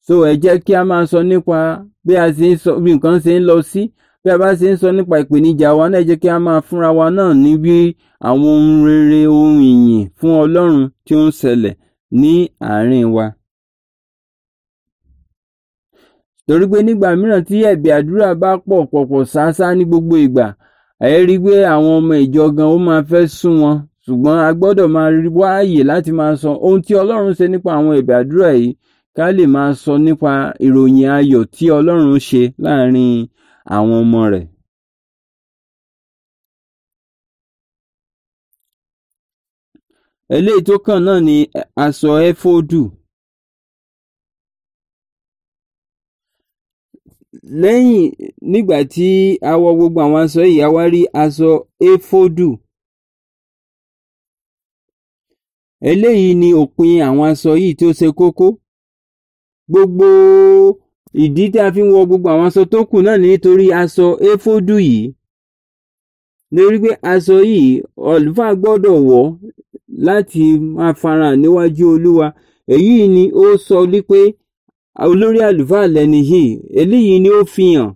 so ẹ jẹ́ kí a máa sọ nípa bí a ṣe ń sọ bí nǹkan ṣe ń lọ sí. Si bí a bá ṣe ń sọ nípa ìpèníjà wa náà jẹ́ kí a máa fúnra wa náà ní bí àwọn ohun rere ohun ìyìn fún Ọlọ́run tí ó ń ṣẹlẹ̀ ní àárín wa. torí pé nígbà mìíràn tí ẹ̀bẹ̀ àdúrà bá pọ̀ pọ̀pọ̀ ṣáṣá ní gbogbo ìgbà ẹ̀ rí i pé àwọn ọmọ ìjọ gan ó máa fẹ́ sún wọn ṣùgbọ́n a gbọ́dọ̀ máa wá àyè láti máa sọ ohun tí Ọlọ́run ṣe nípa àwọn ẹ̀bẹ̀ àdúrà yìí ká lè máa sọ nípa ìròyìn ayọ̀ tí Ọlọ́run ṣe láàrin àwọn ọmọ rẹ̀ eléyìí tó kàn náà ni aṣọ ẹfódù lẹ́yìn nígbà tí a wọ gbogbo àwọn aṣọ yìí a wá rí aṣọ éfódù eléyìí ni òpin àwọn aṣọ yìí tó ṣe kókó gbogbo ìdí tí a fi ń wọ gbogbo àwọn aṣọ tó kù náà nítorí aṣọ éfódù yìí lórí pé aṣọ yìí àlùfáà gbọ́dọ̀ wọ̀ láti máa farahàn níwájú olúwa èyí ni ó sọ wípé olórí àlùfáà lẹni yìí eléyìí ni ó fi hàn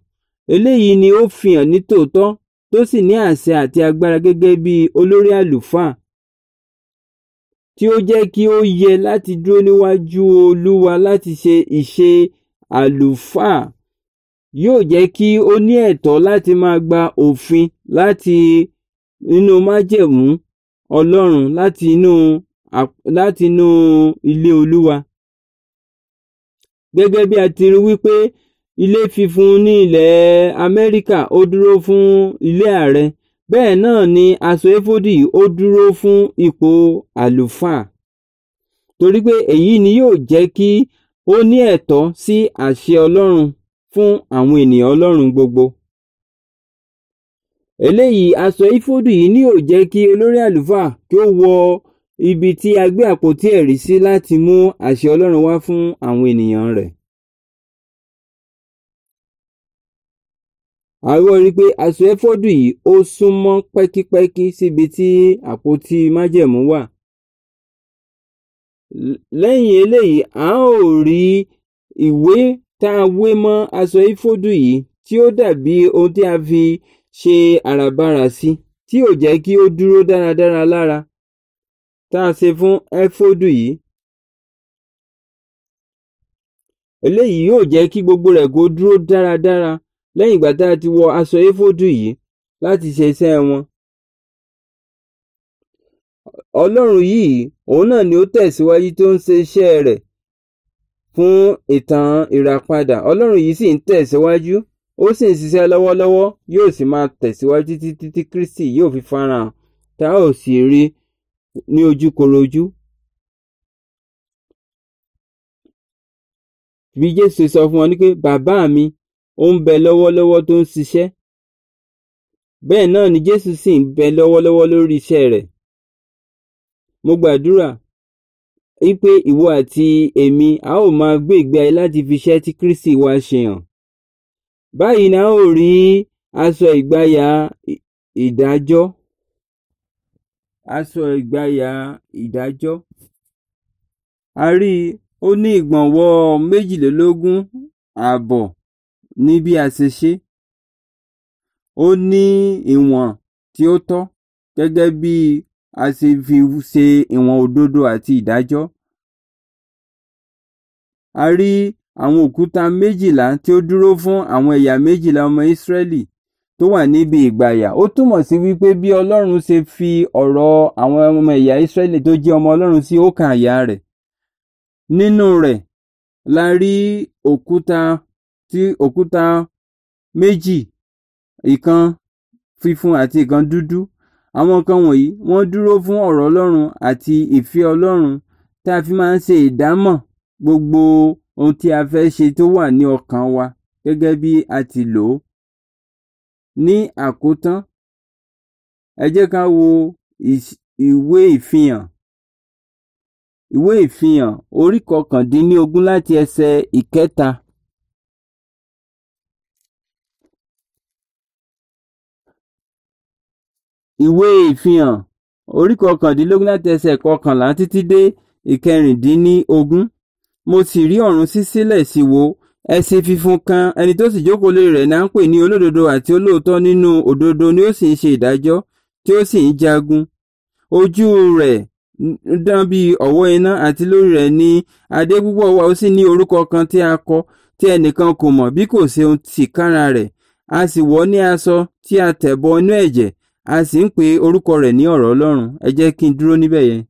eléyìí ni ó fi hàn ní tòótọ́ tó sì ní àṣẹ àti agbára gẹ́gẹ́ bí olórí àlùfáà tí ó jẹ́ kí ó yẹ láti dúró níwájú olúwa láti ṣe ìṣe àlùfáà yóò jẹ́ kí ó ní ẹ̀tọ́ láti máa gba òfin láti inú májẹ̀mú Ọlọ́run láti inú láti inú ilé Olúwa. Gẹ́gẹ́ bí a ti rí wípé ilé fífún ní ilẹ̀ Amẹ́ríkà ó dúró fún ilé ààrẹ bẹ́ẹ̀ náà ni aṣọ éfódì ó dúró fún ipò àlùfáà torí pé èyí ni yóò jẹ́ kí ó ní ẹ̀tọ́ sí àṣẹ Ọlọ́run fún àwọn ènìyàn Ọlọ́run gbogbo. Eléyìí aṣọ ifodù yìí ní ò jẹ́ kí olórí àlùfáà kí ó wọ ibi tí a gbé àpótí ẹ̀rí sí láti mú àṣẹ Ọlọ́run wá fún àwọn ènìyàn rẹ̀. àwọ̀ rí pé aṣọ ẹ̀fọ́dù yìí ó súnmọ́ pẹ́kípẹ́kí síbi tí àpótí májẹ̀mú wà lẹ́yìn eléyìí a ó rí ìwé tá a wé mọ́ aṣọ ìfọ́dù yìí tí ó dàbí ohun tí a fi ṣe àràbarà sí tí ò jẹ́ kí ó dúró dáradára lára tá a ṣe fún ẹ́fọ́dù yìí. eléyìí yóò jẹ́ kí gbogbo rẹ̀ kó dúró dáradára lẹ́yìn ìgbà tá a ti wọ aṣọ éfódù yìí láti ṣe iṣẹ́ wọn. Ọlọ́run yìí òun náà ni ó tẹ̀síwájú tó ń ṣe iṣẹ́ rẹ̀ fún ìtàn ìràpadà Ọlọ́run yìí sì ń tẹ̀síwájú ó sì ń ṣiṣẹ́ lọ́wọ́lọ́wọ́ yóò sì máa tẹ̀síwájú títí tí Kristi yóò fi farahàn tá ò sì rí ní ojúkorojú. Bí Jésù sọ fún wọn ní pé bàbá mi ó ń bẹ lọ́wọ́lọ́wọ́ tó ń ṣiṣẹ́ bẹ́ẹ̀ náà ni Jésù sì ń bẹ lọ́wọ́lọ́wọ́ lórí iṣẹ́ rẹ̀. Mo gbàdúrà wípé ìwọ àti èmi a ó máa gbé ìgbé ayé láti fi iṣẹ́ tí Kristi wa ṣe hàn. Báyìí ni a ó rí aṣọ ìgbàyà ìdájọ́. Aṣọ ìgbàyà ìdájọ́. A rí i ó ní ìgbọ̀nwọ́ méjìlélógún ààbọ̀ ní bí Ó ní ìwọ̀n tí ó tọ́ gẹ́gẹ́ bí a sì fi ṣe ìwọ̀n òdodo àti ìdájọ́. A rí àwọn òkúta méjìlá tí ó dúró fún àwọn ẹ̀yà méjìlá ọmọ Ísírẹ́lì tó wà níbi ìgbàyà ó túmọ̀ sí wípé bí Ọlọ́run ṣe fi ọ̀rọ̀ àwọn ọmọ ẹ̀yà Ísírẹ́lì tó jẹ́ ọmọ Ọlọ́run sí ọkàn àyà rẹ̀ nínú rẹ̀ la rí òkúta tí òkúta méjì ìkan funfun àti ìkan dúdú àwọn kan wọ̀nyí wọ́n dúró fún ọ̀rọ̀ ọlọ́run àti ìfẹ́ ọlọ́run tá a fi máa ń ṣe ìdámọ̀ gbogbo ohun tí a fẹ́ ṣe tó wà ní ọkàn wa gẹ́gẹ́ bí a ti lò ó. ní àkótán ẹ jẹ́ ká wo ìwé ìfihàn ìwé ìfihàn orí kọkàndínlógún láti ẹsẹ̀ ìkẹta. ìwé ìfihàn orí kọkàndínlógún láti ẹsẹ̀ kọkànlá títí dé ìkẹrìndínlógún mo sì rí ọ̀run ṣí sílẹ̀ sí wo ẹṣin fífún kan ẹni tó sì jókòó lé rẹ̀ náà ń pè ní olódodo àti olóòótọ́ nínú òdodo ni ó sì ń ṣe ìdájọ́ tí ó sì ń jagun ojú rẹ̀ dán bí ọ̀wọ́ iná àti lórí rẹ̀ ní adé púpọ̀ wà ó sì ní orúkọ kan tí a kọ tí ẹnìkan kò mọ̀ bí kò ṣe ohun tìkára rẹ̀ a sì wọ̀ ní aṣọ tí a tẹ̀ bọ inú ẹ̀jẹ̀ a sì ń pe orúkọ rẹ̀ ní ọ̀rọ̀ Ọlọ́run ẹ jẹ́ kí n dúró níbẹ̀ yẹn.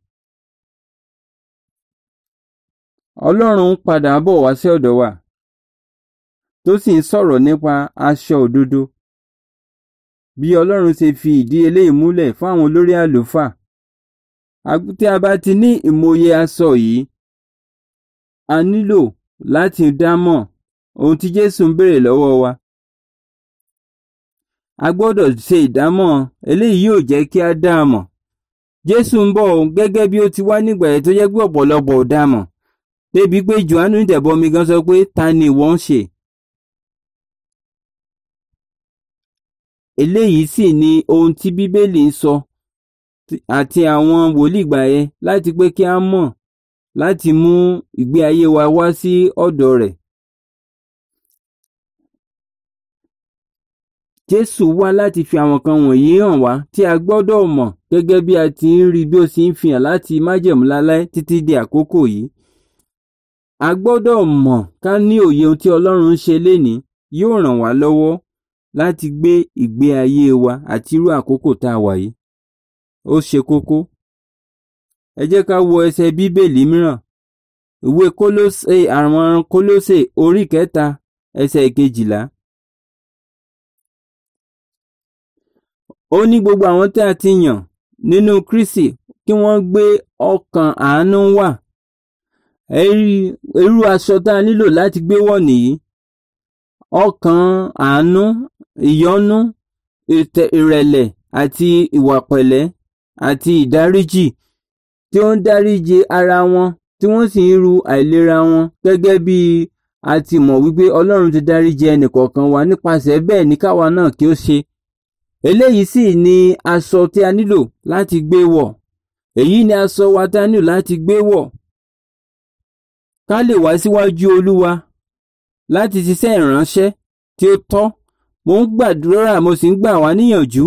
Ọlọ́run padà bọ̀ wá sí ọ̀dọ̀ wa tó sì ń sọ̀rọ̀ nípa aṣọ òdodo bí Ọlọ́run ṣe fi ìdí eléyìí múlẹ̀ olórí àlùfáà tí a bá ti ní ìmòye aṣọ yìí a nílò láti dámọ̀ ohun tí Jésù ń béèrè lọ́wọ́ wa a gbọ́dọ̀ ṣe ìdámọ̀ eléyìí yóò jẹ́ kí a dá a mọ̀ jésù ń bọ̀ gẹ́gẹ́ bí ó ti wá nígbà yẹn tó jẹ́ pé ọ̀pọ̀lọpọ̀ ò dá a mọ̀ débi pé johannu ìdẹ̀bọmi gan sọ pé ta ni ìwọ ń ṣe. eléyìí sì ni ohun tí bíbélì ń sọ àti àwọn wòlíì ìgbà yẹn láti pé kí a mọ̀ láti mú ìgbé ayé wa wá sí ọ̀dọ̀ rẹ̀ Jésù wá láti fi àwọn kan wọ̀nyí hàn wá tí a gbọ́dọ̀ mọ̀ gẹ́gẹ́ bí a ti ń rí bí ó sì ń fihàn láti májẹ̀mú láláé títí di àkókò yìí. A gbọ́dọ̀ mọ̀ ká ní òye ohun tí Ọlọ́run ń ṣe lénìí yóò ràn wá lọ́wọ́ láti gbé ìgbé ayé wa àti irú àkókò tá a wà yìí. Ó ṣe kókó. Ẹ jẹ́ ká wo ẹsẹ̀ Bíbélì mìíràn. Ìwé Kólósè àwọn Kólósè orí kẹta ẹsẹ̀ kejìlá. ó ní gbogbo àwọn tí a ti yàn nínú Kristi kí wọ́n gbé ọkàn àánú wà irú aṣọ tá a nílò láti gbé wọ̀ nìyí ọkàn àánú ìyọ́nú ìrẹ̀lẹ̀ àti ìwà pẹ̀lẹ́ àti ìdáríjì tí ó ń dáríjì ara wọn tí wọ́n sì ń ru àìlera wọn gẹ́gẹ́ bí a ti mọ̀ wípé Ọlọ́run ti dáríjì ẹnìkọ̀ọ̀kan wa nípasẹ̀ bẹ́ẹ̀ ni káwa náà kí ó ṣe eléyìí sì ni aṣọ tí a nílò láti gbé wọ̀ èyí ni aṣọ wa tá a nílò láti gbé wọ̀ ká lè wá síwájú olúwa láti ṣiṣẹ́ ìránṣẹ́ tí ó tọ́ mo ń gbàdúrà mo sì ń gbà wá níyànjú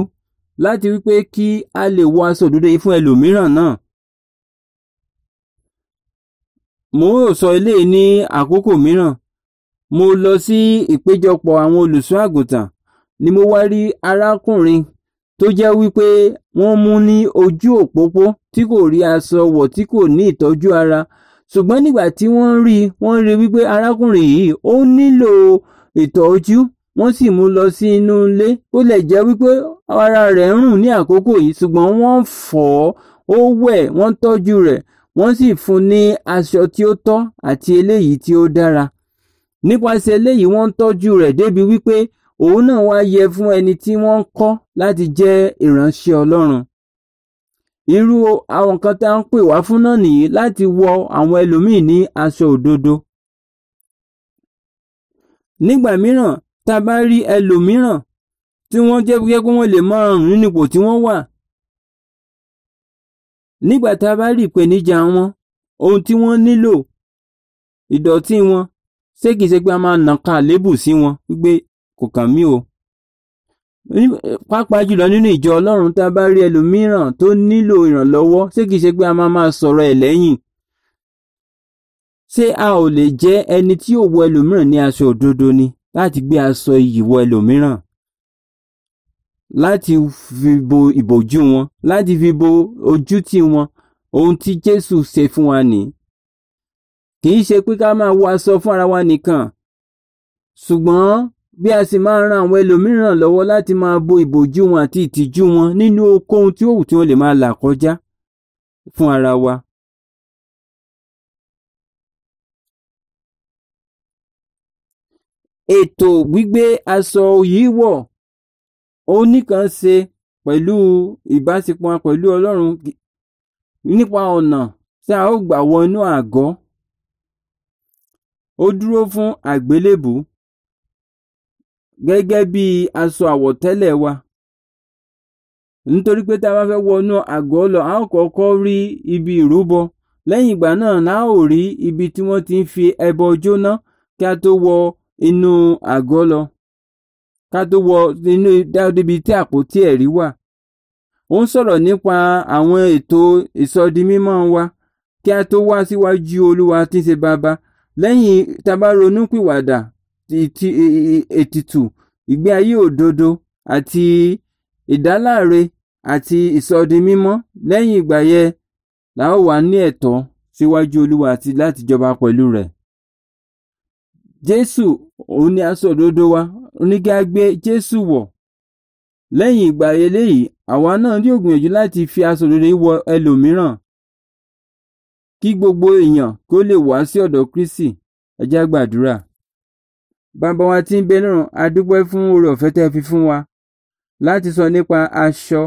láti wípé kí a lè wọ aṣọ òdodo yìí fún ẹlòmíràn náà. mo ń sọ eléyìí ní àkókò mìíràn mo lọ sí ìpéjọpọ̀ àwọn olùṣọ́ àgùntàn ni mo wá rí arákùnrin tó jẹ́ wípé wọ́n mú ní ojú òpópó tí kò rí aṣọ wọ̀ tí kò ní ìtọ́jú ara ṣùgbọ́n nígbà tí wọ́n rí wọ́n rí wípé arákùnrin yìí ó nílò ìtọ́jú wọ́n sì mú lọ sí inú ilé ó lè jẹ́ wípé ara rẹ̀ ń rùn ní àkókò yìí ṣùgbọ́n wọ́n fọ̀ ó wẹ̀ wọ́n tọ́jú rẹ̀ wọ́n sì fún ní aṣọ tí ó tọ́ àti eléyìí tí ó dára nípasẹ̀ eléyìí wọ́n tọ́jú rẹ̀ débi wípé òun náà wá yẹ fún ẹni tí wọ́n ń kọ́ láti jẹ́ ìránṣẹ́ Ọlọ́run irú àwọn kan tá ń pè wá fún náà nìyí láti wọ àwọn ẹlòmíì ní aṣọ òdodo nígbà mìíràn tá a bá rí ẹlòmíràn tí wọ́n jẹ́ pé wọ́n lè máa rùn nínú ipò tí wọ́n wà nígbà tá a bá rí ìpèníjà wọn ohun tí wọ́n nílò ìdọ̀tí wọn ṣé kìí ṣe pé a máa nàka àlébù sí wọn wípé kò kàn mí o pàápàá jùlọ nínú ìjọ ọlọ́run tá a bá rí ẹlòmíràn tó nílò ìrànlọ́wọ́ ṣé kìí ṣe pé a máa máa sọ̀rọ̀ ẹ̀ lẹ́yìn ṣé a ò lè jẹ́ ẹni tí yóò wọ ẹlòmíràn ní aṣọ òdodo ni láti gbé aṣọ iyì wọ ẹlòmíràn láti fi bo ìbòjú wọn láti fi bo ojú tí wọn ohun tí Jésù ṣe fún wa nìyí kìí ṣe pé ká máa wọ aṣọ fún ara wa nìkan ṣùgbọ́n bí a sì máa ran àwọn ẹlòmíràn lọ́wọ́ láti máa bo ìbòjú wọn àti ìtìjú wọn nínú ohunkóhun tí ó wù tí wọ́n lè máa là kọjá fún ara wa. ètò gbígbé aṣọ yìí wọ̀ ó nìkan ṣe pẹ̀lú ìbáṣepọ̀ pẹ̀lú Ọlọ́run nípa ọ̀nà tí a ó gbà wọnú àgọ́ ó dúró fún àgbélébùú gẹ́gẹ́ bí aṣọ àwọ̀tẹ́lẹ̀ wa nítorí pé tá a bá fẹ́ wọnú àgọ́ lọ a ó kọ́kọ́ rí ibi ìrúbọ lẹ́yìn ìgbà náà la ó rí ibi tí wọ́n ti ń fi ẹbọ jóná kí a tó wọ inú àgọ́ lọ ká tó wọ inú ibi tí àpótí ẹ̀rí wà ó ń sọ̀rọ̀ nípa àwọn ètò ìsọdimímọ́ wa kí a tó wá síwájú Olúwa tí ń ṣe bàbá lẹ́yìn tá a bá ronú pìwàdà E, e, e, ètìtù ìgbé ayé òdodo àti ìdáláre àti ìsọdimímọ́ lẹ́yìn ìgbà yẹn la ó wà ní ẹ̀tọ́ síwájú olúwa àti láti jọba pẹ̀lú rẹ̀. jésù òun ni aṣọ òdodo wa onígágbé jésù wọ̀ lẹ́yìn ìgbà eléyìí àwa náà yóò gbìyànjú láti fi aṣọ òdodo wọ ẹlòmíràn kí gbogbo èèyàn kó lè wá sí ọ̀dọ̀ kristi ẹ gbàdúrà bàbá wa tí ń bẹ lọ́run a dúpẹ́ fún oore ọ̀fẹ́ tẹ́ fi fún wa láti sọ nípa aṣọ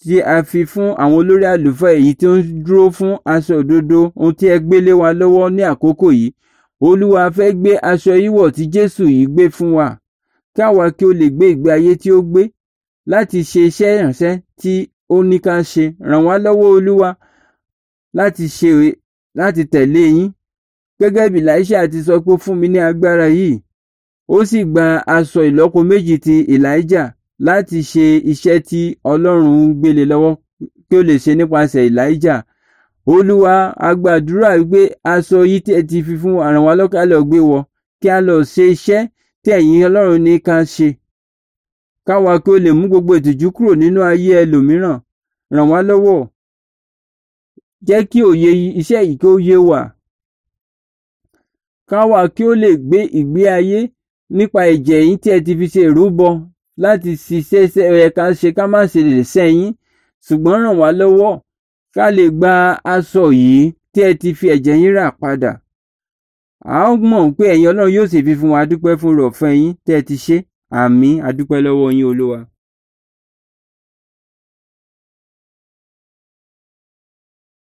tí a fi fún àwọn olórí àlùfáà èyí tí ó ń dúró fún aṣọ òdodo ohun tí ẹ gbé lé wa lọ́wọ́ ní àkókò yìí olúwa fẹ́ gbé aṣọ ìwọ̀ tí jésù yìí gbé fún wa káwa kí o lè gbé ìgbé ayé tí ó gbé láti ṣe iṣẹ́ ìrànṣẹ́ tí ó ní ká ṣe ràn wá lọ́wọ́ olúwa láti ṣe láti tẹ̀lé yín gẹ́gẹ́ bí Láíṣà ti sọ pé fún mi ní agbára yìí ó sì gba aṣọ ìlọ́po méjì ti Èlíjà láti ṣe iṣẹ́ tí Ọlọ́run ń gbélé lọ́wọ́ kí ó lè ṣe nípasẹ̀ Èlíjà Olúwa a gbàdúrà wípé aṣọ yìí tí ẹ ti fi fún ara wa lọ́kàlẹ̀ gbé wọ̀ kí a lọ ṣe iṣẹ́ tí ẹ̀yin Ọlọ́run ní ká ṣe káwa kí ó lè mú gbogbo ìtìjú kúrò nínú ayé ẹlòmíràn ràn wá lọ́wọ́ jẹ́ kí òye iṣẹ́ yìí kí ó yé wa káwa kí ó lè gbé ìgbé ayé nípa ẹ̀jẹ̀ yín tí ẹ ti fi ṣe ìrúbọ láti ṣiṣẹ́ ẹ̀ka ṣe ká má ṣe lè sẹ́yìn ṣùgbọ́n ràn wá lọ́wọ́ ká lè gba aṣọ yìí tí ẹ ti fi ẹ̀jẹ̀ yín rà padà. a ó mọ̀ pé ẹ̀yin ọlọ́run yóò ṣèfi fún wa dúpẹ́ fún rọ̀fẹ́ yín tẹ́ ẹ ti ṣe àmín adúpẹ́ lọ́wọ́ yín olúwa.